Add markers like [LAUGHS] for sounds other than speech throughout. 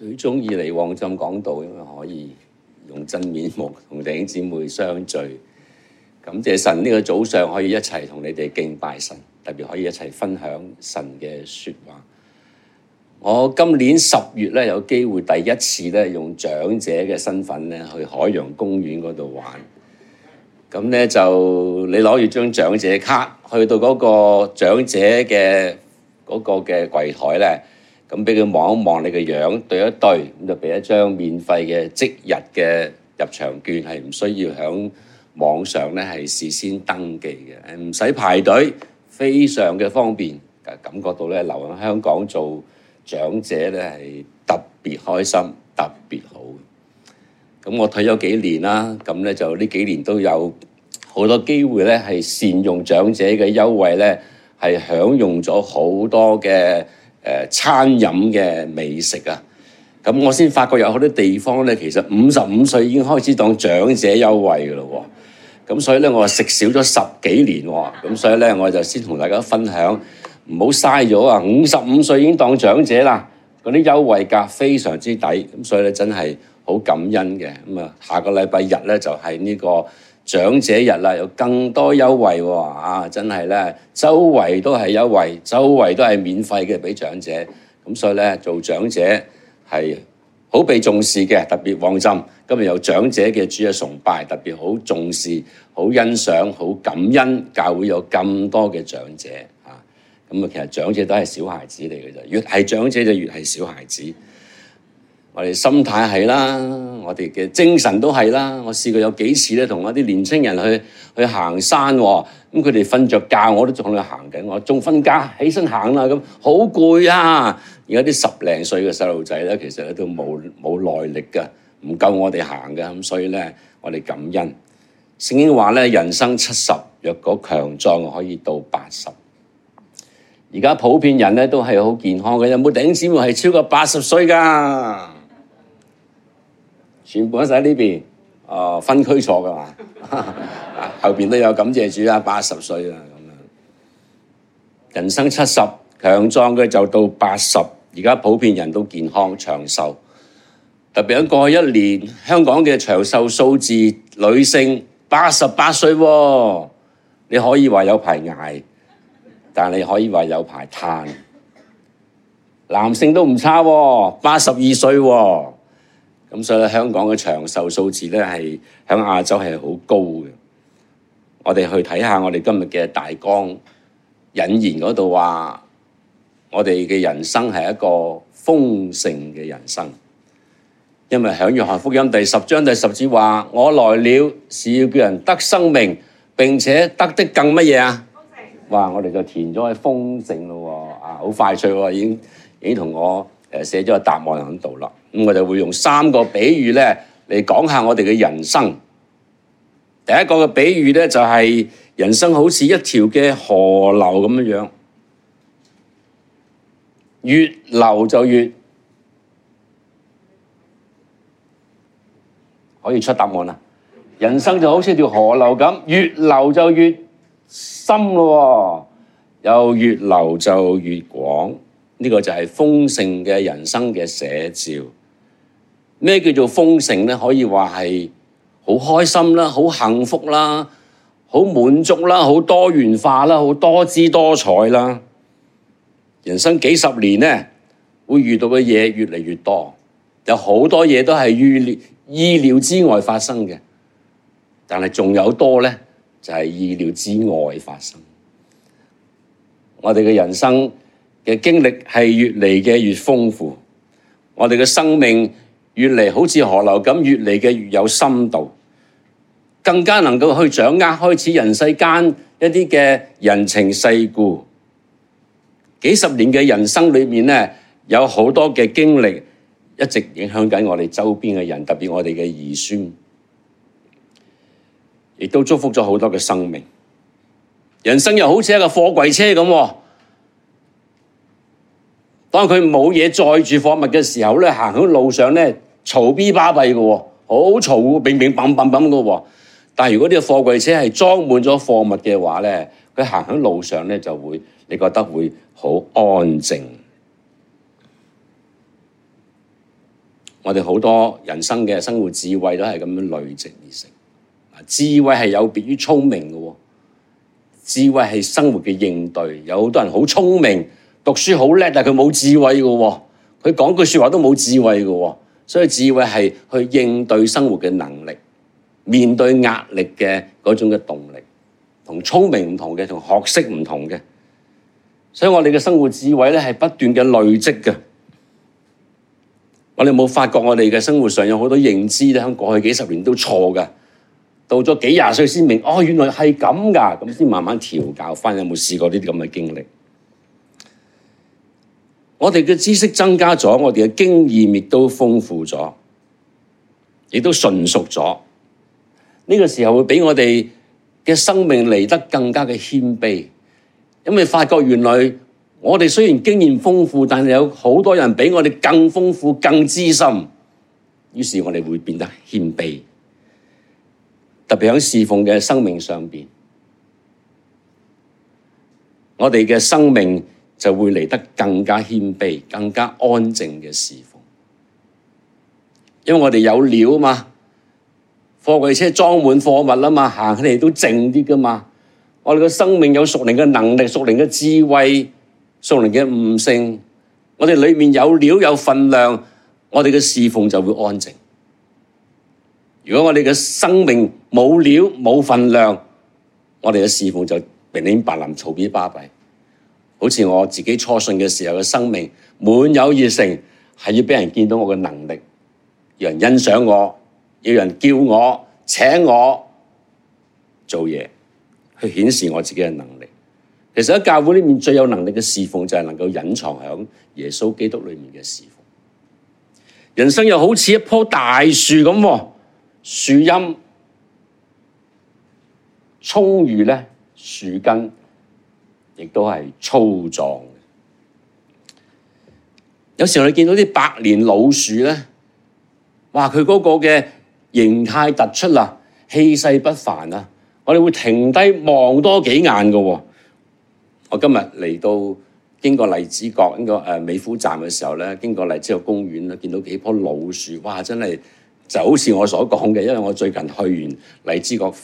最中意嚟旺浸講道，因為可以用真面目同弟兄姊妹相聚。感謝神呢個早上可以一齊同你哋敬拜神，特別可以一齊分享神嘅説話。我今年十月咧有機會第一次咧用長者嘅身份咧去海洋公園嗰度玩。咁咧就你攞住張長者卡，去到嗰個長者嘅嗰個嘅櫃台咧。咁俾佢望一望你嘅樣對一對，咁就俾一張免費嘅即日嘅入場券，係唔需要喺網上咧係事先登記嘅，唔使排隊，非常嘅方便。感覺到咧留喺香港做長者咧係特別開心，特別好。咁我退咗幾年啦，咁咧就呢幾年都有好多機會咧係善用長者嘅優惠咧，係享用咗好多嘅，餐飲嘅美食啊，咁我先發覺有好多地方呢，其實五十五歲已經開始當長者優惠㗎喇喎，咁所以呢，我食少咗十幾年喎，咁所以呢，我就先同大家分享，唔好嘥咗啊！五十五歲已經當長者啦，嗰啲優惠價非常之抵，咁所以呢，真係好感恩嘅，咁啊下個禮拜日呢，就係呢個。長者日有更多優惠喎！啊，真係呢。周圍都係優惠，周圍都係免費嘅畀長者。咁所以呢，做長者係好被重視嘅，特別放心。今日有長者嘅主日崇拜，特別好重視、好欣賞、好感恩，教會有咁多嘅長者啊！咁其實長者都係小孩子嚟嘅，越係長者就越係小孩子。我哋心態係啦，我哋嘅精神都係啦。我試過有幾次咧，同一啲年青人去去行山，咁佢哋瞓着覺，我都仲喺度行緊。我仲瞓覺，起身行啦，咁好攰啊！而家啲十零歲嘅細路仔咧，其實咧都冇冇耐力嘅，唔夠我哋行㗎。咁所以咧，我哋感恩。聖經話咧，人生七十，若果強壯我可以到八十。而家普遍人咧都係好健康嘅，有冇頂妹係超過八十歲噶？全部喺呢邊，啊、哦、分區坐嘅嘛， [LAUGHS] 後面都有感謝主啊，八十歲啊咁樣，人生七十強壯嘅就到八十，而家普遍人都健康長壽，特別喺過去一年香港嘅長壽數字，女性八十八歲喎、哦，你可以話有排捱，但你可以話有排嘆，男性都唔差喎、哦，八十二歲喎、哦。咁所以香港嘅長壽數字咧係響亞洲係好高嘅。我哋去睇下我哋今日嘅大綱引言嗰度話，我哋嘅人生係一個豐盛嘅人生。因為響約翰福音第十章第十節話，我來了是要叫人得生命，並且得的更乜嘢啊？哇！我哋就填咗係豐盛咯，啊，好快脆喎，已經已經同我。誒寫咗個答案喺度啦，咁我哋會用三個比喻咧嚟講下我哋嘅人生。第一個嘅比喻咧就係人生好似一條嘅河流咁樣，越流就越可以出答案啦。人生就好似條河流咁，越流就越深咯，又越流就越廣，呢個就係豐盛嘅人生嘅寫照。咩叫做豐盛咧？可以話係好開心啦，好幸福啦，好滿足啦，好多元化啦，好多姿多彩啦。人生幾十年咧，會遇到嘅嘢越嚟越多，有好多嘢都係預料意料之外發生嘅，但係仲有多咧，就係意料之外發生。我哋嘅人生。嘅經歷係越嚟嘅越豐富，我哋嘅生命越嚟好似河流咁，越嚟嘅越有深度，更加能夠去掌握開始人世間一啲嘅人情世故。幾十年嘅人生裏面咧，有好多嘅經歷一直影響緊我哋周邊嘅人，特別我哋嘅兒孫，亦都祝福咗好多嘅生命。人生又好似一個貨櫃車咁。當佢冇嘢載住貨物嘅時候咧，行喺路上咧嘈 B 巴閉嘅，好嘈，乒乒嘭嘭嘭嘅。但係如果呢個貨櫃車係裝滿咗貨物嘅話咧，佢行喺路上咧就會，你覺得會好安靜。我哋好多人生嘅生活智慧都係咁樣累積而成。啊，智慧係有別於聰明嘅，智慧係生活嘅應對。有好多人好聰明。讀書好叻，但佢冇智慧噶，佢講句說話都冇智慧噶，所以智慧係去應對生活嘅能力，面對壓力嘅嗰種嘅動力，同聰明唔同嘅，同學識唔同嘅。所以我哋嘅生活智慧咧係不斷嘅累積噶。我哋冇發覺我哋嘅生活上有好多認知咧，喺過去幾十年都錯噶，到咗幾廿歲先明哦，原來係咁噶，咁先慢慢調教翻。有冇試過呢啲咁嘅經歷？我哋嘅知識增加咗，我哋嘅經驗亦都豐富咗，亦都純熟咗。呢個時候會俾我哋嘅生命嚟得更加嘅謙卑，因為發覺原來我哋雖然經驗豐富，但係有好多人比我哋更豐富、更資深，於是我哋會變得謙卑。特別喺侍奉嘅生命上邊，我哋嘅生命。就會嚟得更加謙卑、更加安靜嘅侍奉，因為我哋有料啊嘛，貨櫃車裝滿貨物啊嘛，行起嚟都靜啲噶嘛。我哋個生命有屬靈嘅能力、屬靈嘅智慧、屬靈嘅悟性，我哋裏面有料有份量，我哋嘅侍奉就會安靜。如果我哋嘅生命冇料冇份量，我哋嘅侍奉就明明白白嘈邊巴閉。好似我自己初信嘅時候嘅生命，滿有熱誠，係要俾人見到我嘅能力，有人欣賞我，要人叫我，請我做嘢，去顯示我自己嘅能力。其實喺教會裏面最有能力嘅侍奉就係能夠隱藏喺耶穌基督裏面嘅侍奉。人生又好似一棵大樹咁，樹蔭充裕咧，樹根。亦都係粗壯。有時候你見到啲百年老樹咧，哇！佢嗰個嘅形態突出啦、啊，氣勢不凡啊，我哋會停低望多幾眼喎、啊。我今日嚟到經過荔枝角呢個誒美孚站嘅時候咧，經過荔枝角公園咧，見到幾棵老樹，哇！真係就好似我所講嘅，因為我最近去完荔枝角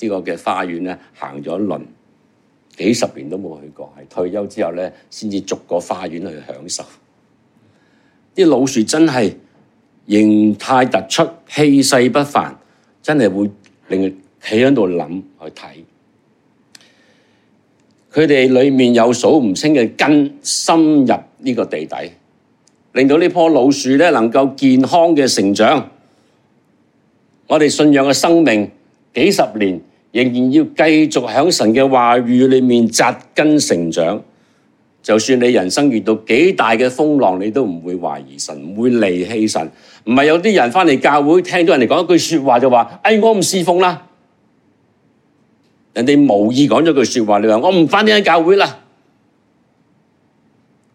呢個嘅花園咧，行咗一輪。幾十年都冇去過，係退休之後咧，先至逐個花園去享受。啲老樹真係形態突出，氣勢不凡，真係會令佢企喺度諗去睇。佢哋裏面有數唔清嘅根深入呢個地底，令到呢棵老樹咧能夠健康嘅成長。我哋信仰嘅生命幾十年。仍然要繼續喺神嘅話語裏面紮根成長，就算你人生遇到幾大嘅風浪，你都唔會懷疑神，唔會離棄神。唔係有啲人翻嚟教會，聽到人哋講一句說話就話：哎，我唔侍奉啦！人哋無意講咗句說話，你話我唔翻呢間教會啦，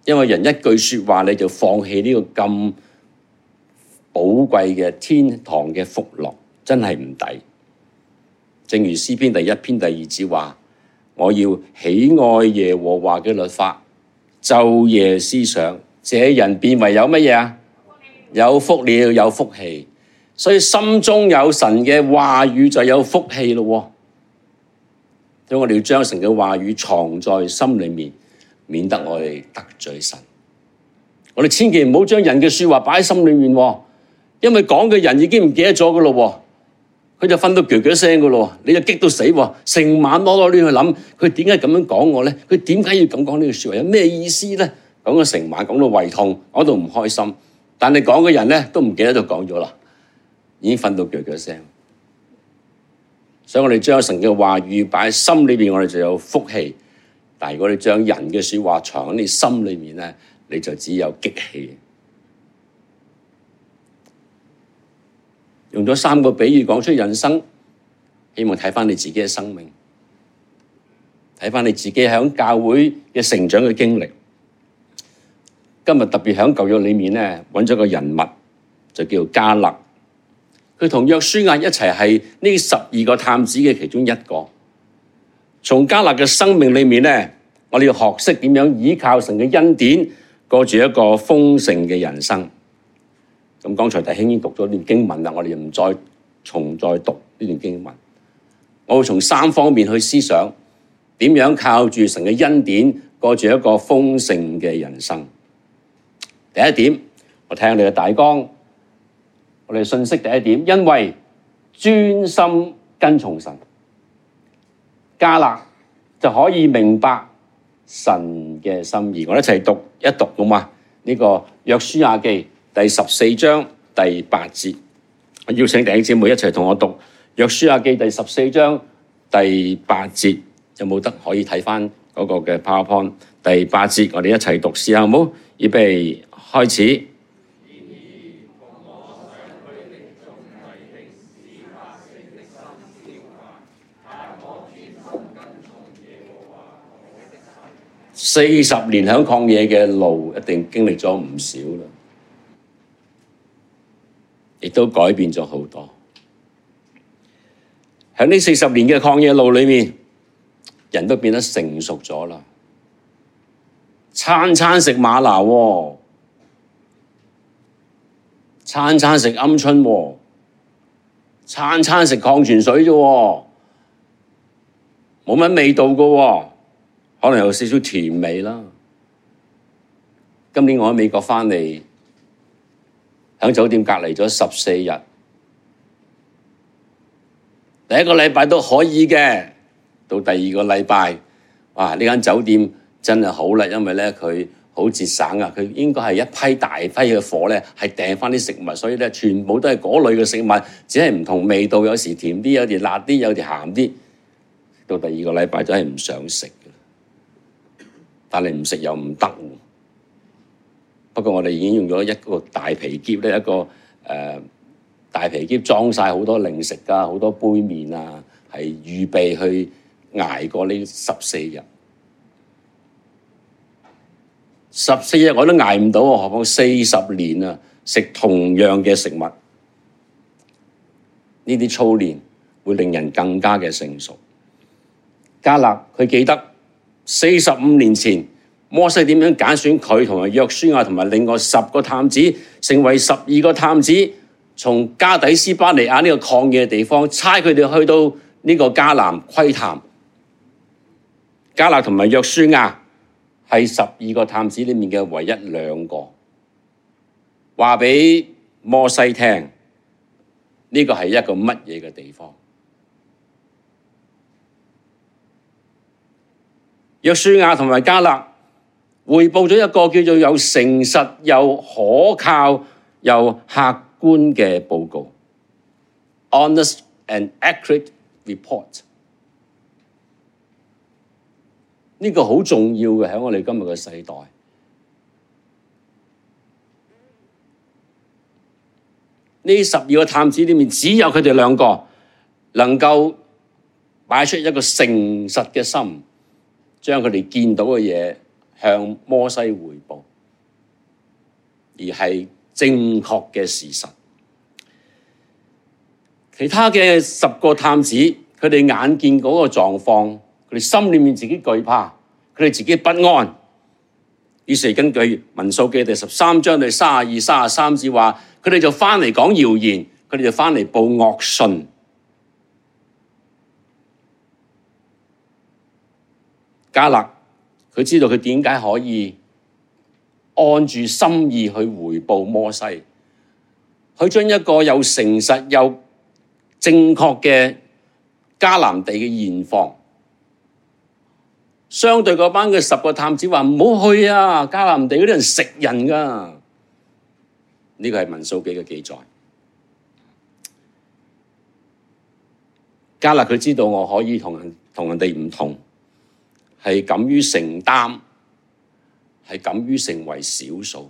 因為人一句說話你就放棄呢個咁寶貴嘅天堂嘅福樂，真係唔抵。正如詩篇第一篇第二節話，我要喜愛耶和華嘅律法，晝夜思想。這人變為有乜嘢啊？有福了，有福氣。所以心中有神嘅話語就有福氣咯。所以我哋要將神嘅話語藏在心裏面，免得我哋得罪神。我哋千祈唔好將人嘅說話擺喺心裏面，因為講嘅人已經唔記得咗噶咯。佢就瞓到咕咕聲噶咯，你就激到死，成晚攞攞亂亂去諗，佢點解咁樣講我咧？佢點解要咁講呢句說話有咩意思咧？講到成晚，講到胃痛，講到唔開心，但你講嘅人咧都唔記得就講咗啦，已經瞓到咕咕聲。所以我哋將神嘅話語擺喺心裏邊，我哋就有福氣；但係如果你將人嘅說話藏喺你心裏面咧，你就只有激氣。用咗三個比喻講出人生，希望睇返你自己嘅生命，睇返你自己喺教會嘅成長嘅經歷。今日特別喺舊約裏面呢，揾咗個人物，就叫加勒。佢同約書亞一齊係呢十二個探子嘅其中一個。從加勒嘅生命裏面呢，我哋要學識點樣依靠神嘅恩典，過住一個豐盛嘅人生。咁剛才弟兄已經讀咗段經文啦，我哋唔再重再讀呢段經文。我會從三方面去思想，點樣靠住神嘅恩典過住一個豐盛嘅人生。第一點，我聽下你嘅大綱，我哋信息第一點，因為專心跟從神，迦勒就可以明白神嘅心意。我哋一齊讀，一讀好嘛？呢、這個約書亞記。第十四章第八節，邀請弟兄姊妹一齊同我讀《約書亞記》第十四章第八節，有冇得可以睇翻嗰個嘅 PowerPoint 第八節？我哋一齊讀試下，好唔好？預備開始。四十年喺曠野嘅路，一定經歷咗唔少。亦都改變咗好多。喺呢四十年嘅曠野路裏面，人都變得成熟咗啦。餐餐食嗎哪喎，餐餐食鵪鶉喎，餐餐食礦泉水啫，冇乜味道喎，可能有少少甜味啦。今年我喺美國翻嚟。喺酒店隔離咗十四日，第一個禮拜都可以嘅，到第二個禮拜，哇！呢間酒店真係好啦，因為咧佢好節省啊，佢應該係一批大批嘅貨咧，係訂翻啲食物，所以咧全部都係嗰類嘅食物，只係唔同味道，有時甜啲，有時辣啲，有時鹹啲。到第二個禮拜都係唔想食嘅，但係唔食又唔得。不過我哋已經用咗一個大皮篋，一個、呃、大皮篋裝曬好多零食啊，好多杯麵啊，係預備去捱過呢十四日。十四日我都捱唔到，何況四十年啊！食同樣嘅食物，呢啲操練會令人更加嘅成熟。迦勒佢記得四十五年前。摩西點樣揀選佢同埋約書亞同埋另外十個探子，成為十二個探子？從加底斯巴尼亞這個曠野嘅地方，差佢哋去到這個迦南窺探。迦勒同埋約書亞是十二個探子裏面嘅唯一兩個。話俾摩西聽，呢個係一個乜嘢嘅地方？約書亞同埋迦勒匯報咗一個叫做有誠實、又可靠、又客觀嘅報告，honest and accurate report。呢個好重要嘅，喺我哋今日嘅世代。呢十二個探子裏面，只有佢哋兩個能夠擺出一個誠實嘅心，將佢哋見到嘅嘢。向摩西回報，而係正確嘅事實。其他嘅十個探子，佢哋眼見嗰個狀況，佢哋心裏面自己懼怕，佢哋自己不安，於是根據民數記第十三章第三十二、三十三節話，佢哋就翻嚟講謠言，佢哋就翻嚟報惡信。迦勒。佢知道佢點解可以按住心意去回報摩西，佢將一個又誠實又正確嘅迦南地嘅現況，相對嗰班嘅十個探子話：唔好去啊！迦南地嗰啲人食人噶。呢、這個係民數記嘅記載。加勒佢知道我可以同人同人哋唔同。是敢於承擔，是敢於成為少數。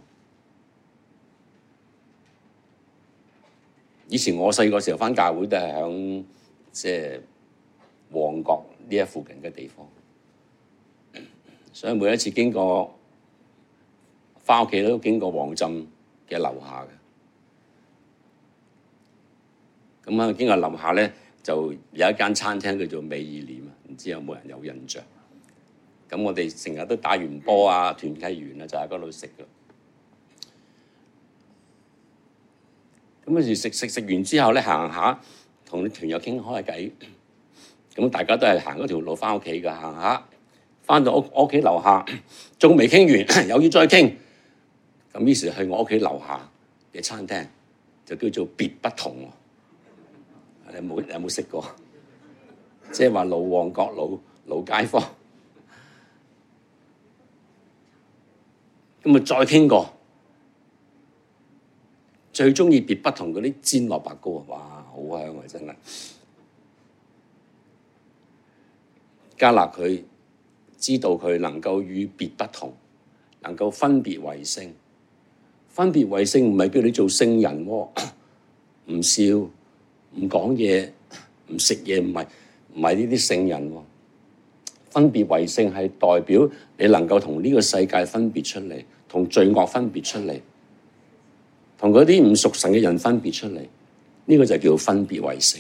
以前我細個時候翻教會都係響即係旺角呢一附近的地方，所以每一次經過翻屋企都經過旺鎮的樓下的。咁經過樓下呢，就有一間餐廳叫做美意廉啊，唔知有冇人有印象？咁我哋成日都打完波啊，團契完啦、啊，就喺嗰度食噶。咁於是食食食完之後咧，行下同啲團友傾開偈。咁大家都係行嗰條路翻屋企噶，行回到我我樓下翻到屋屋企樓下仲未傾完，又要再傾。咁於是去我屋企樓下嘅餐廳，就叫做別不同。你有冇有冇食過？即係話老旺角老老街坊。咁啊！再傾過，最中意別不同嗰啲煎蘿蔔糕啊！哇，好香啊！真係迦勒佢知道佢能夠與別不同，能夠分別為聖，分別為聖唔係叫你做聖人喎、哦，唔笑唔講嘢唔食嘢，唔係唔係呢啲聖人喎、哦，分別為聖係代表你能夠同呢個世界分別出嚟。同罪惡分別出嚟，同嗰啲唔屬神嘅人分別出嚟，呢、這個就叫分別為聖。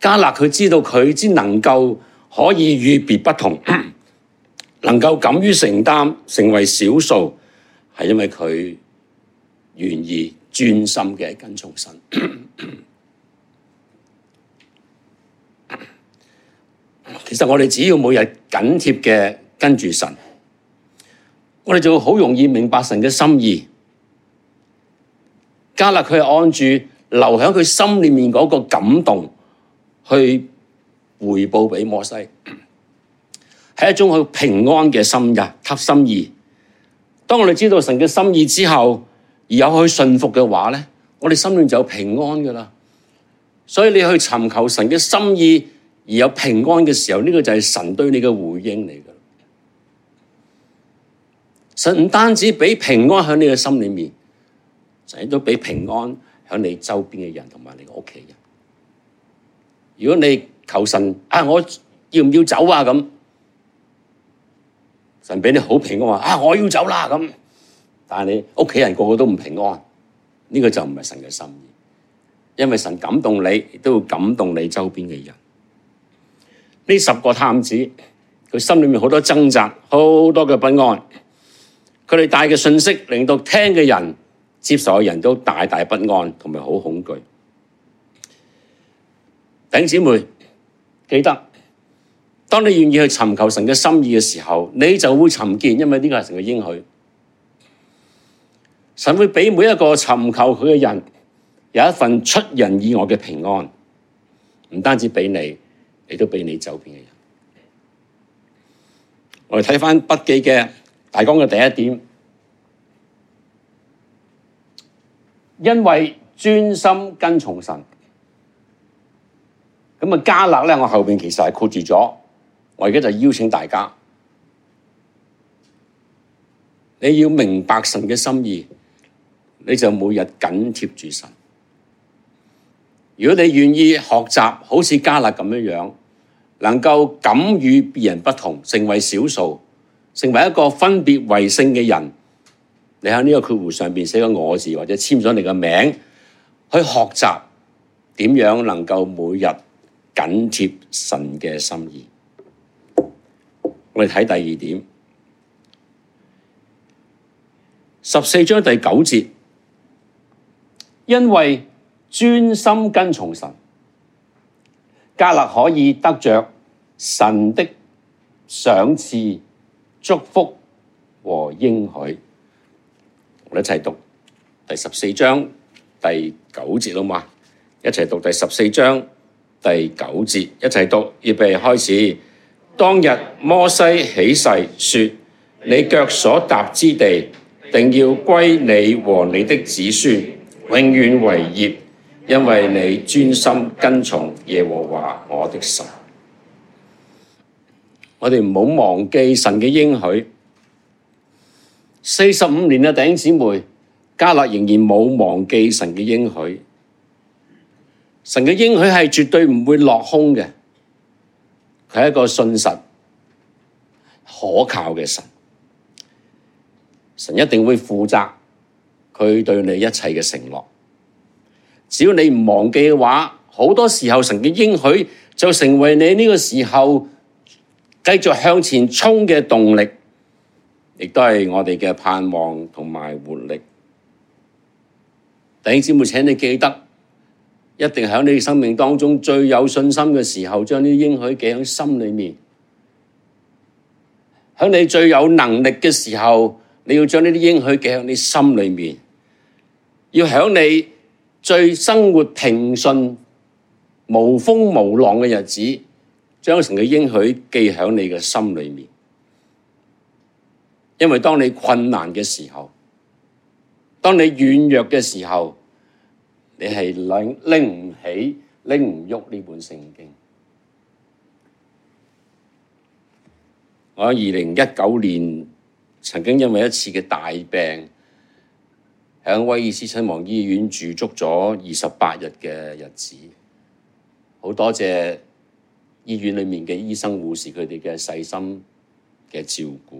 加勒佢知道佢只能夠可以與別不同，能夠敢於承擔成為少數，係因為佢願意專心嘅跟從神。其實我哋只要每日緊貼嘅跟住神。我哋就好容易明白神嘅心意。加勒佢係按住留響佢心裏面嗰個感動去回報俾摩西，係一種好平安嘅心意及心意。當我哋知道神嘅心意之後，而有去信服嘅話咧，我哋心裏就有平安噶啦。所以你去尋求神嘅心意而有平安嘅時候，呢個就係神對你嘅回應嚟嘅。神唔單止俾平安喺你嘅心裏面，神亦都俾平安喺你周邊嘅人同埋你屋企人。如果你求神啊，我要唔要走啊？咁神俾你好平安話啊，我要走啦咁。但係你屋企人個個都唔平安，呢個就唔係神嘅心意。因為神感動你，亦都會感動你周邊嘅人。呢十個探子，佢心裏面好多掙扎，好多嘅不安。佢哋帶嘅信息，令到聽嘅人，接受嘅人都大大不安，同埋好恐懼。弟兄姊妹，記得，當你願意去尋求神嘅心意嘅時候，你就會尋見，因為呢個係神嘅應許。神會俾每一個尋求佢嘅人有一份出人意外嘅平安，唔單止俾你，都俾你都俾你周邊嘅人。我哋睇翻筆記嘅。提講嘅第一點，因為專心跟從神。咁麼迦勒呢，我後面其實係括住咗，我而家就邀請大家，你要明白神嘅心意，你就每日緊貼住神。如果你願意學習，好似迦勒噉樣，能夠敢與別人不同，成為少數，成為一個分別為聖嘅人，你喺呢個括弧上面寫了我字，或者簽咗你嘅名，去學習點樣能夠每日緊貼神嘅心意。我哋睇第二點，十四章第九節，因為專心跟從神，迦勒可以得着神的賞賜。祝福和應許，我哋一齊讀第十四章第九節啦嘛，一齊讀第十四章第九節，一齊讀，預備開始。當日摩西起誓說：你腳所踏之地，定要歸你和你的子孫，永遠為業，因為你專心跟從耶和華我的神。我哋唔好忘記神嘅應許，四十五年嘅弟兄姊妹，加勒仍然冇忘記神嘅應許。神嘅應許係絕對唔會落空嘅，佢係一個信實可靠嘅神。神一定會負責佢對你一切嘅承諾，只要你唔忘記嘅話，好多時候神嘅應許就成為你呢個時候。繼續向前衝嘅動力，亦都係我哋嘅盼望同埋活力。弟兄姊妹，請你記得，一定喺你的生命當中最有信心嘅時候，將呢啲應許記喺心裏面；喺你最有能力嘅時候，你要將呢啲應許記喺你心裏面；要喺你最生活平順、無風無浪嘅日子。將神嘅應許記喺你嘅心裏面，因為當你困難嘅時候，當你軟弱嘅時候，你係拎唔起、拎唔喐呢本聖經。我喺二零一九年曾經因為一次嘅大病，喺威爾斯親王醫院住足咗二十八日嘅日子，好多謝。醫院裏面嘅醫生護士，佢哋嘅細心嘅照顧。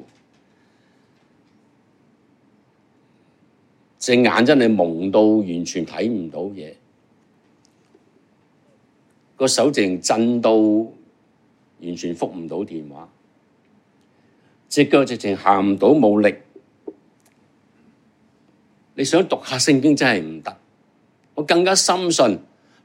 隻眼真係蒙到完全睇唔到嘢，個手直情震到完全覆唔到電話腳了，隻腳直情行唔到冇力，你想讀下聖經真係唔得，我更加深信。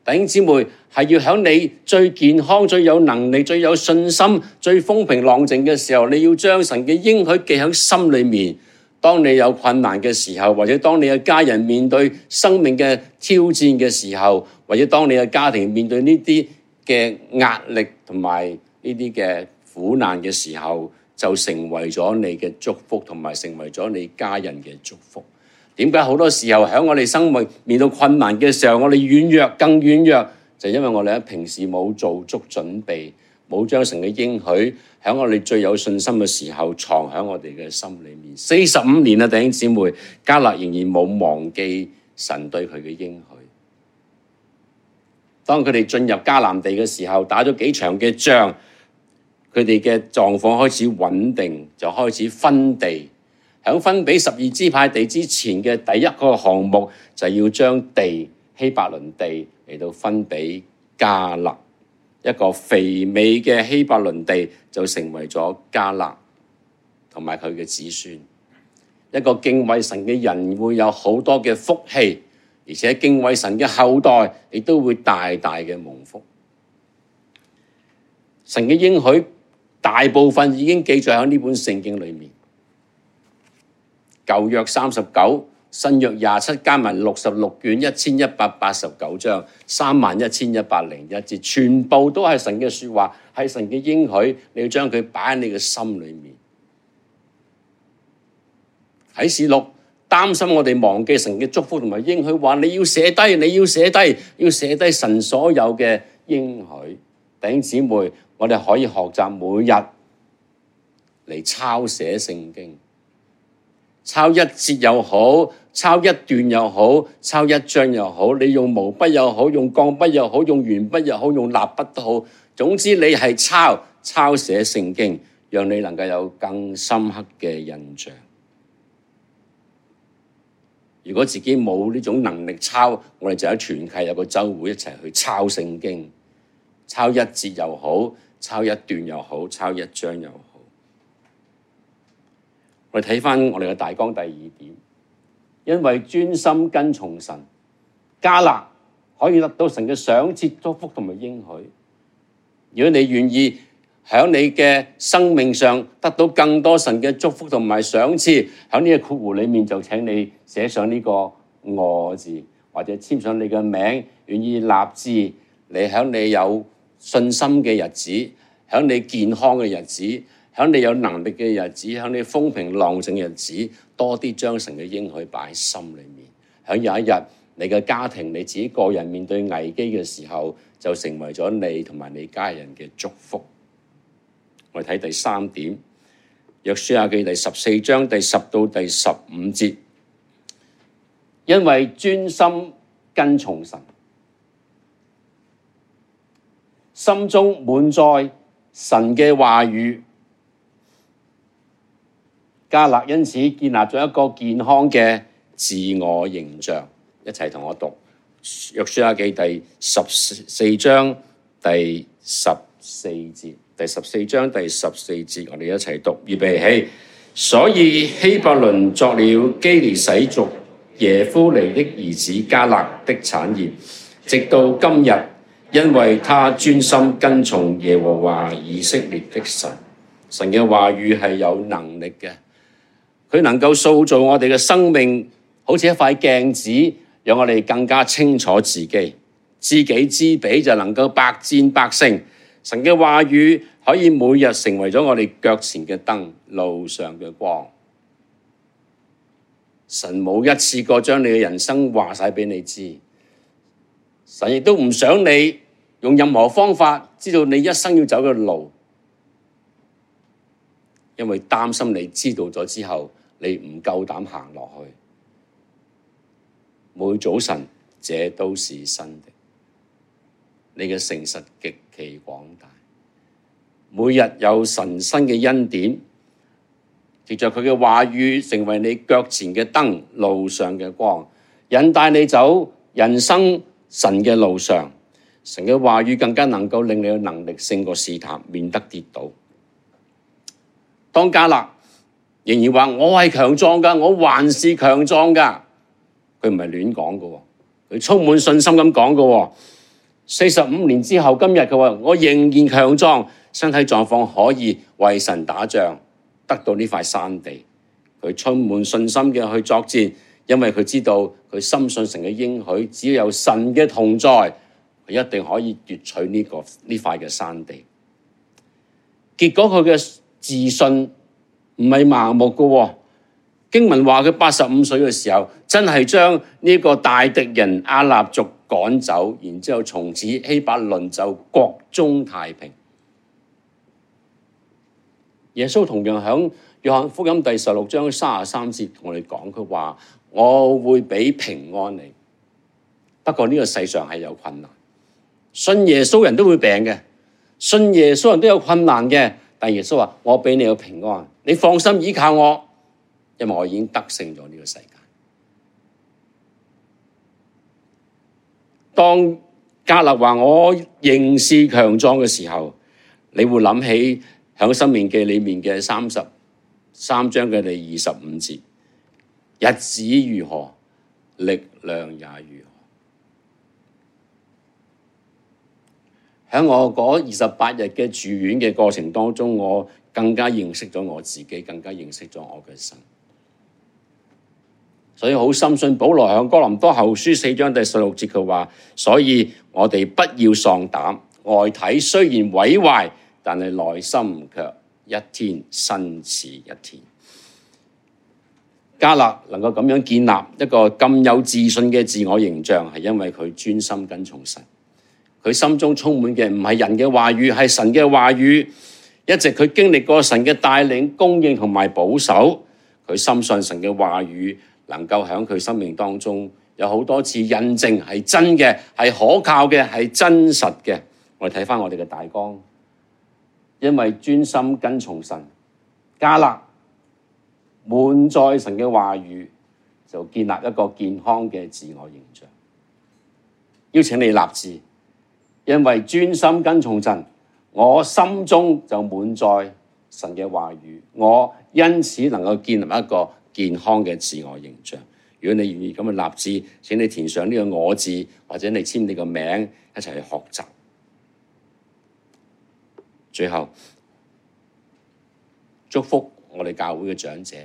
弟兄姊妹，係要喺你最健康、最有能力、最有信心、最風平浪靜嘅時候，你要將神嘅應許記喺心裏面。當你有困難嘅時候，或者當你嘅家人面對生命嘅挑戰嘅時候，或者當你嘅家庭面對呢啲嘅壓力同埋呢啲嘅苦難嘅時候，就成為咗你嘅祝福，同埋成為咗你家人嘅祝福。點解好多時候喺我哋生活面對困難嘅時候，我哋軟弱更軟弱，就是、因為我哋平時冇做足準備，冇將神嘅應許喺我哋最有信心嘅時候藏喺我哋嘅心裏面。四十五年啊，弟兄姊妹，迦勒仍然冇忘記神對佢嘅應許。當佢哋進入迦南地嘅時候，打咗幾場嘅仗，佢哋嘅狀況開始穩定，就開始分地。喺分俾十二支派地之前嘅第一個項目，就要將地希伯倫地嚟到分俾迦勒，一個肥美嘅希伯倫地就成為咗迦勒同埋佢嘅子孫。一個敬畏神嘅人會有好多嘅福氣，而且敬畏神嘅後代亦都會大大嘅蒙福。神嘅應許大部分已經記載喺呢本聖經裏面。舊約三十九，新約廿七，加埋六十六卷，一千一百八十九章，三萬一千一百零一節，全部都係神嘅說話，係神嘅應許，你要將佢擺喺你嘅心裏面。啟示錄擔心我哋忘記神嘅祝福同埋應許，話你要寫低，你要寫低，要寫低神所有嘅應許。弟兄姊妹，我哋可以學習每日嚟抄寫聖經。抄一節又好，抄一段又好，抄一章又好，你用毛筆又好，用鋼筆又好，用鉛筆又好，用蠟筆都好，總之你係抄抄寫聖經，讓你能夠有更深刻嘅印象。如果自己冇呢種能力抄，我哋就喺全契有個週會一齊去抄聖經，抄一節又好，抄一段又好，抄一章又好。我哋睇翻我哋嘅大綱第二點，因為專心跟從神，迦勒可以得到神嘅賞賜、祝福同埋應許。如果你願意響你嘅生命上得到更多神嘅祝福同埋賞賜，響呢個括弧裏面就請你寫上呢個我字，或者簽上你嘅名，願意立志，你響你有信心嘅日子，響你健康嘅日子。喺你有能力嘅日子，喺你風平浪靜嘅日子，多啲將神嘅應許擺喺心裏面。喺有一日，你嘅家庭、你自己個人面對危機嘅時候，就成為咗你同埋你家人嘅祝福。我哋睇第三點，《約書亞記》第十四章第十到第十五節，因為專心跟從神，心中滿載神嘅話語。加勒因此建立咗一個健康嘅自我形象，一齊同我讀約書亞記第十四章第十四節，第十四章第十四節，我哋一齊讀。預備起。所以希伯倫作了基尼洗族耶孚尼的兒子加勒的產業，直到今日，因為他專心跟從耶和華以色列的神，神嘅話語係有能力嘅。佢能夠塑造我哋嘅生命，好似一塊鏡子，讓我哋更加清楚自己。知己知彼，就能夠百戰百勝。神嘅話語可以每日成為咗我哋腳前嘅燈，路上嘅光。神冇一次過將你嘅人生話晒俾你知，神亦都唔想你用任何方法知道你一生要走嘅路，因為擔心你知道咗之後。你唔夠膽行落去，每早晨這都是新的。你嘅誠實極其廣大，每日有神新嘅恩典，藉着佢嘅話語成為你腳前嘅燈，路上嘅光，引帶你走人生神嘅路上。神嘅話語更加能夠令你嘅能力勝過試探，免得跌倒。當迦勒。仍然話我係強壯噶，我還是強壯噶。佢唔係亂講噶，佢充滿信心咁講噶。四十五年之後今日，佢話我仍然強壯，身體狀況可以為神打仗，得到呢塊山地。佢充滿信心嘅去作戰，因為佢知道佢深信神嘅應許，只要有神嘅同在，佢一定可以奪取呢、這個呢塊嘅山地。結果佢嘅自信。唔係盲目嘅。經文話佢八十五歲嘅時候，真係將呢個大敵人阿納族趕走，然之後從此希伯倫就國中太平。耶穌同樣響約翰福音第十六章三十三節同我哋講，佢話我會俾平安你。不過呢個世上係有困難，信耶穌人都會病嘅，信耶穌人都有困難嘅。但耶穌話：我給你個平安，你放心依靠我，因為我已經得勝咗呢個世界。當加勒說我仍是強壯嘅時候，你會想起在《申命記》裏面嘅三十三章嘅第二十五節：日子如何，力量也如何。喺我嗰二十八日嘅住院嘅過程當中，我更加認識咗我自己，更加認識咗我嘅神。所以好深信保羅向哥林多後書四章第十六節佢話，所以我哋不要喪膽，外體雖然毀壞，但係內心卻一天新似一天。迦勒能夠咁樣建立一個咁有自信嘅自我形象，係因為佢專心跟從神。佢心中充滿嘅唔係人嘅話語，係神嘅話語。一直佢經歷過神嘅帶領、供應同埋保守，佢深信神嘅話語能夠喺佢生命當中有好多次印證是真的，係真嘅，係可靠嘅，係真實嘅。我哋睇返我哋嘅大綱，因為專心跟從神，迦勒滿載神嘅話語，就建立一個健康嘅自我形象。邀請你立志。因為專心跟從神，我心中就滿載神嘅話語，我因此能夠建立一個健康嘅自我形象。如果你願意咁嘅立志，請你填上呢、這個我字，或者你簽你個名一齊去學習。最後祝福我哋教會嘅長者，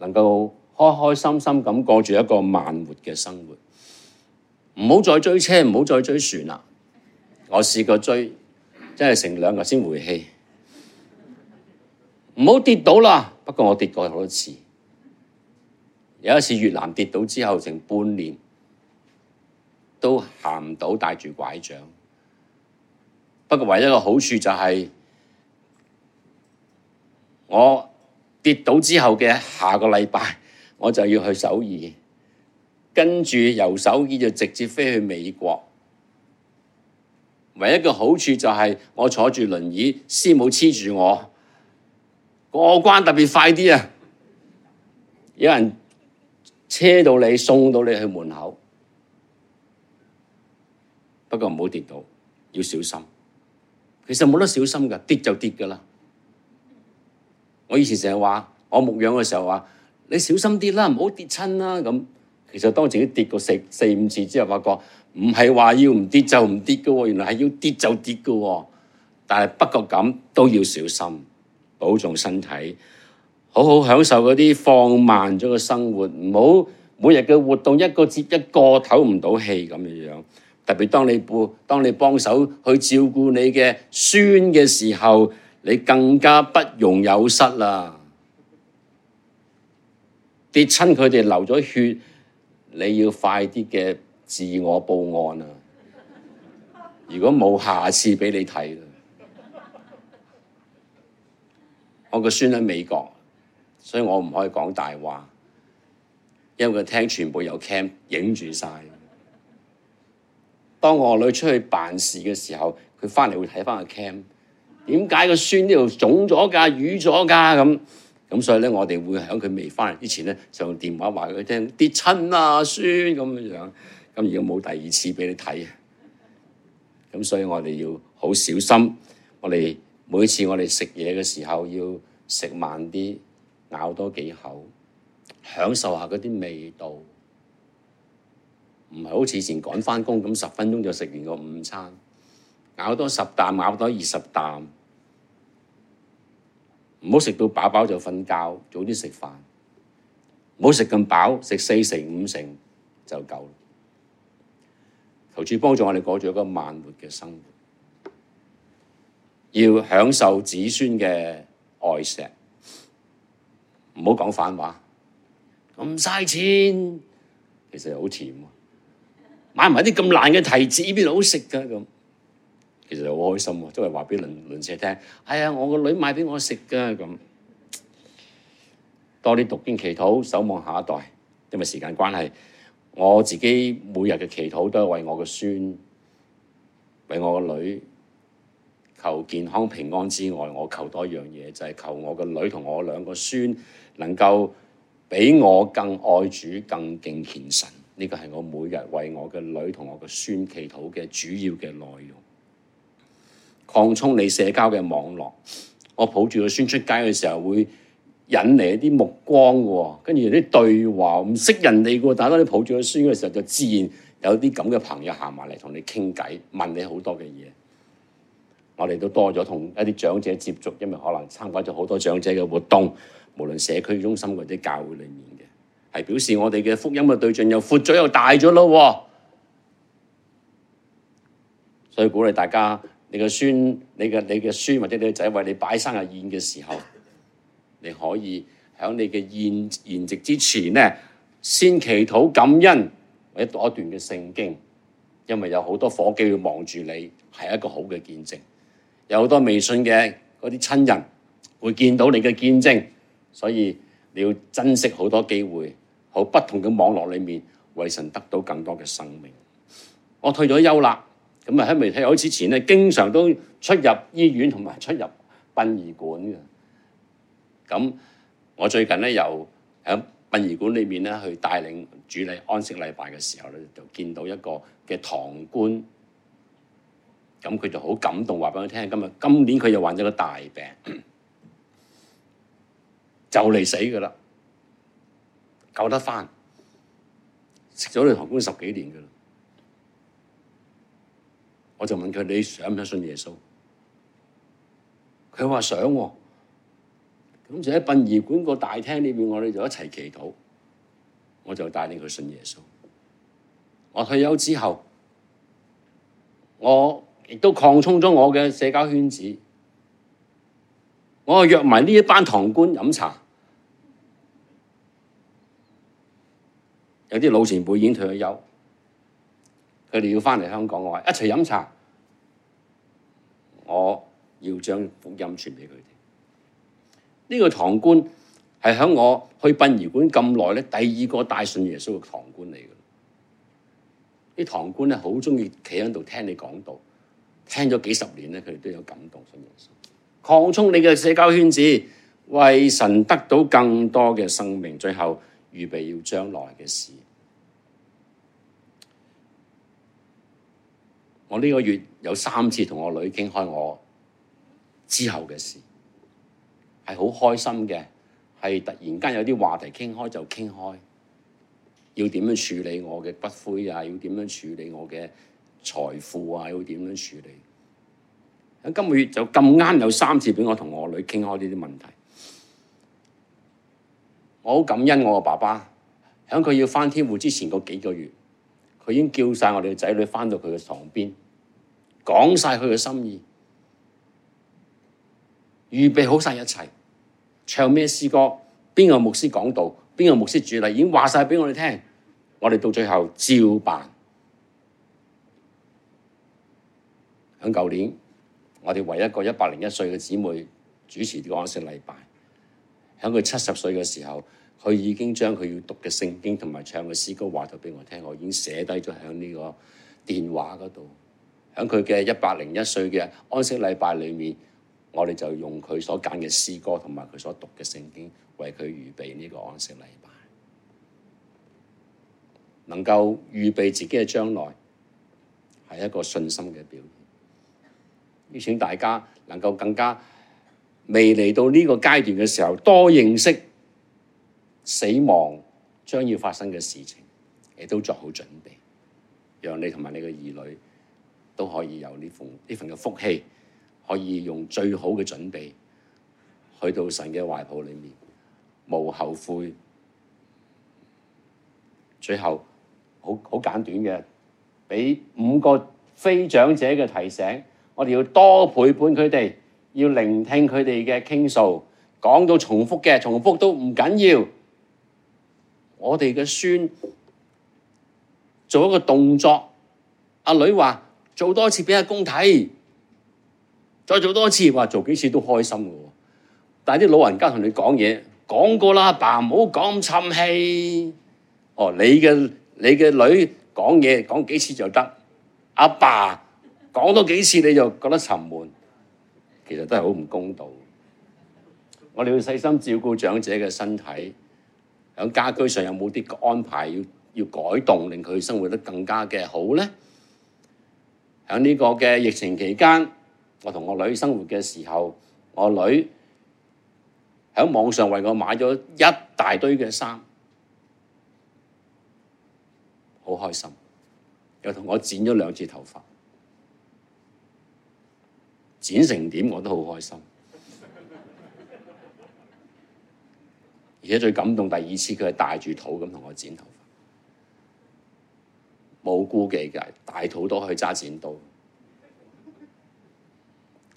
能夠開開心心咁過住一個慢活嘅生活。唔好再追車，唔好再追船啦。我試過追，真係成兩日先回氣。唔好跌到啦。不過我跌過好多次，有一次越南跌倒之後，成半年都行唔到，帶住拐杖。不過唯一個好處就係我跌倒之後嘅下個禮拜，我就要去首爾。跟住右手機就直接飛去美國。唯一嘅好處就係我坐住輪椅，師母黐住我，過關特別快啲啊！有人車到你，送到你去門口。不過唔好跌到，要小心。其實冇得小心噶，跌就跌噶啦。我以前成日話，我牧養嘅時候話：你小心啲啦，唔好跌親啦咁。其實當自己跌過四,四五次之後，發覺唔係話要唔跌就唔跌嘅喎，原來係要跌就跌嘅喎。但係不過咁都要小心保重身體，好好享受嗰啲放慢咗嘅生活，唔好每日嘅活動一個接一個唞唔到氣咁樣樣。特別當你幫當你幫手去照顧你嘅孫嘅時候，你更加不容有失啦。跌親佢哋流咗血。你要快啲嘅自我報案啊！如果冇下次俾你睇啦。我個孫喺美國，所以我唔可以講大話，因為佢聽全部有 cam 影住晒。當我女出去辦事嘅時候，佢翻嚟會睇翻個 cam。點解個孫呢度腫咗㗎、瘀咗㗎咁？咁所以咧，我哋會喺佢未翻嚟之前咧，就用電話話佢聽跌親啊，孫咁樣樣。咁如果冇第二次俾你睇，咁所以我哋要好小心。我哋每次我哋食嘢嘅時候，要食慢啲，咬多幾口，享受下嗰啲味道。唔係好似以前趕翻工咁，十分鐘就食完個午餐，咬多十啖，咬多二十啖。唔好食到飽飽就瞓覺，早啲食飯。唔好食咁飽，食四成五成就夠。求主幫助我哋過住一個慢活嘅生活，要享受子孫嘅愛錫。唔好講反話，咁嘥錢，其實又好甜。買埋啲咁爛嘅提子邊度好食㗎？其實好開心喎，即係話俾鄰鄰舍聽。哎呀，我個女買俾我食噶。咁，多啲讀經祈禱，守望下一代。因為時間關係，我自己每日嘅祈禱都係為我嘅孫、為我個女求健康平安之外，我求多一樣嘢就係求我個女同我兩個孫能夠比我更愛主、更敬虔神。呢個係我每日為我嘅女同我嘅孫祈禱嘅主要嘅內容。擴充你社交嘅網絡，我抱住個孫出街嘅時候會引嚟一啲目光嘅，跟住啲對話唔識人哋嘅，但當你抱住個孫嘅時候，就自然有啲咁嘅朋友行埋嚟同你傾偈，問你好多嘅嘢。我哋都多咗同一啲長者接觸，因為可能參加咗好多長者嘅活動，無論社區中心或者教會裡面嘅，係表示我哋嘅福音嘅對象又闊咗又大咗咯。所以鼓勵大家。你嘅孫、你嘅你嘅孫或者你嘅仔為你擺生日宴嘅時候，你可以喺你嘅宴席之前咧，先祈禱感恩，或者讀一段嘅聖經，因為有好多夥計會望住你，係一個好嘅見證。有好多微信嘅嗰啲親人會見到你嘅見證，所以你要珍惜好多機會，喺不同嘅網絡裏面為神得到更多嘅生命。我退咗休啦。咁啊喺未睇好之前咧，經常都出入醫院同埋出入殯儀館嘅。咁我最近咧又喺殯儀館裏面咧去帶領主禮安息禮拜嘅時候咧，就見到一個嘅堂官。咁佢就好感動，話俾我聽：「今日今年佢又患咗個大病，就嚟死噶啦，救得翻，食咗你堂官十幾年噶啦。我就問佢，你想唔想信耶穌？佢話想。啊，咁就喺殯儀館個大廳裏邊，我哋就一齊祈禱。我就帶你去信耶穌。我退休之後，我亦都擴充咗我嘅社交圈子。我就約埋呢一班堂官飲茶，有啲老前輩已經退咗休。佢哋要翻嚟香港我話，一齊飲茶。我要將福音傳俾佢哋。呢、呢個堂官係響我去殯儀館咁耐咧，第二個帶信耶穌嘅堂官嚟嘅。啲堂官咧好中意企喺度聽你講道，聽咗幾十年咧，佢哋都有感動信耶穌。擴充你嘅社交圈子，為神得到更多嘅生命，最後預備要將來嘅事。我呢個月有三次同我女傾開我之後的事，是很開心的。係突然間有些話題傾開就傾開，要怎樣處理我的骨灰啊？要怎樣處理我的財富啊？要怎樣處理？喺今個月就咁啱有三次俾我同我女傾開呢啲問題，我很感恩我個爸爸，喺佢要返天家之前嗰幾個月，佢已經叫晒我哋嘅仔女返到佢的床邊。講晒佢嘅心意，預備好晒一切，唱咩詩歌，邊個牧師講道，邊個牧師主禮，已經話晒俾我哋聽，我哋到最後照辦。喺舊年，我哋為一個一百零一歲嘅姊妹主持呢個安息禮拜。喺佢七十歲嘅時候，佢已經將佢要讀嘅聖經同埋唱嘅詩歌話咗俾我聽，我已經寫低咗喺呢個電話嗰度。喺佢嘅一百零一歲嘅安息禮拜裏面，我哋就用佢所揀嘅詩歌同埋佢所讀嘅聖經，為佢預備呢個安息禮拜。能夠預備自己嘅將來，係一個信心嘅表現。邀請大家能夠更加未嚟到呢個階段嘅時候，多認識死亡將要發生嘅事情，亦都做好準備，讓你同埋你嘅兒女，都可以有呢份呢份嘅福氣，可以用最好嘅準備去到神嘅懷抱裏面，無後悔。最後好好簡短嘅，俾五個非長者嘅提醒，我哋要多陪伴佢哋，要聆聽佢哋嘅傾訴，講到重複嘅，重複都唔緊要。我哋嘅孫做一個動作，阿女話，做多次俾阿公睇，再做多次，哇做幾次都開心㗎。但係啲老人家同你講嘢，講過啦，阿爸，唔好講咁沉氣。哦，你嘅你嘅女講嘢講幾次就得，阿爸講多幾次你就覺得沉悶，其實都係好唔公道。我哋要細心照顧長者嘅身體，響家居上有冇啲安排要要改動，令佢生活得更加嘅好咧？喺呢個嘅疫情期間，我同我女生活嘅時候，我女喺網上為我買咗一大堆嘅衫，好開心。又同我剪咗兩次頭髮，剪成點我都好開心。而且最感動第二次，佢係帶住肚子同我剪頭髮。冇顧忌嘅，大肚都可以揸剪刀。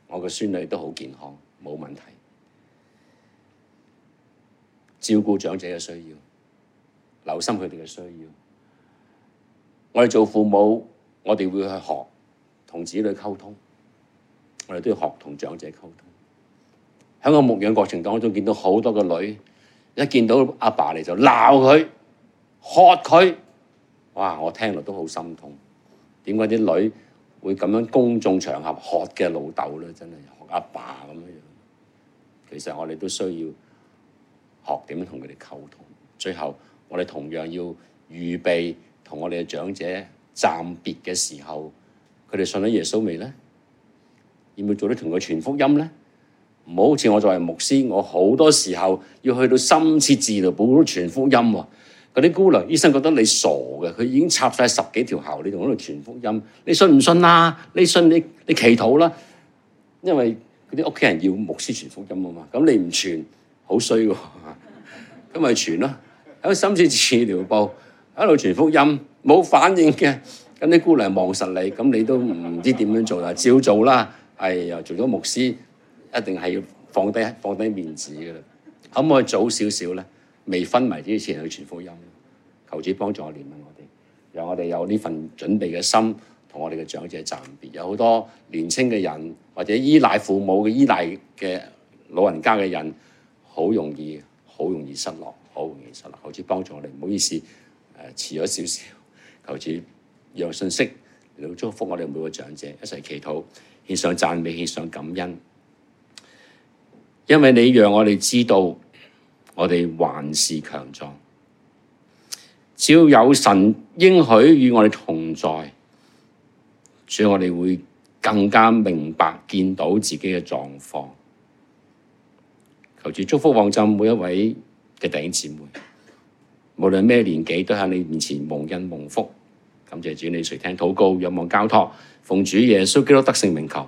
我個孫女都好健康，冇問題。照顧長者嘅需要，留心佢哋嘅需要。我哋做父母，我哋會去學同子女溝通。我哋都要學同長者溝通。喺我牧養過程當中，見到好多個女，一見到阿爸嚟就鬧佢，喝佢。哇！我聽落都好心痛。點解啲女會咁樣公眾場合學嘅老豆咧？真係學阿爸咁樣。其實我哋都需要學點樣同佢哋溝通。最後我哋同樣要預備同我哋嘅長者暫別嘅時候，佢哋信咗耶穌未咧？要唔要做啲同佢傳福音咧？唔好好似我作為牧師，我好多時候要去到深切治療部傳福音喎。嗰啲姑娘，醫生覺得你傻嘅，佢已經插晒十幾條喉，你仲喺度傳福音，你信唔信啦？你信你你祈禱啦，因為嗰啲屋企人要牧師傳福音啊嘛，咁你唔傳好衰喎，咁咪傳咯。喺深切治療部喺度傳福音，冇反應嘅，咁啲姑娘望實你，咁你都唔知點樣做，但係照做啦。哎呀，做咗牧師一定係要放低放低面子㗎喇，可唔可以早少少咧？未昏迷之前去傳福音，求主幫助我，憐憫我哋，讓我哋有呢份準備嘅心，同我哋嘅長者暫別。有好多年輕嘅人或者依賴父母嘅依賴嘅老人家嘅人，好容易好容易失落，好容易失落。求主幫助我哋，唔好意思，誒遲咗少少。求主讓信息嚟到祝福我哋每個長者，一齊祈禱，獻上讚美，獻上感恩，因為你讓我哋知道。我哋還是強壯，只要有神應許與我哋同在，所以我哋會更加明白見到自己嘅狀況。求主祝福旺浸每一位嘅弟兄姊妹，無論咩年紀都喺你面前蒙恩蒙福。感謝主，你垂聽禱告，仰望交託，奉主耶穌基督得勝名求。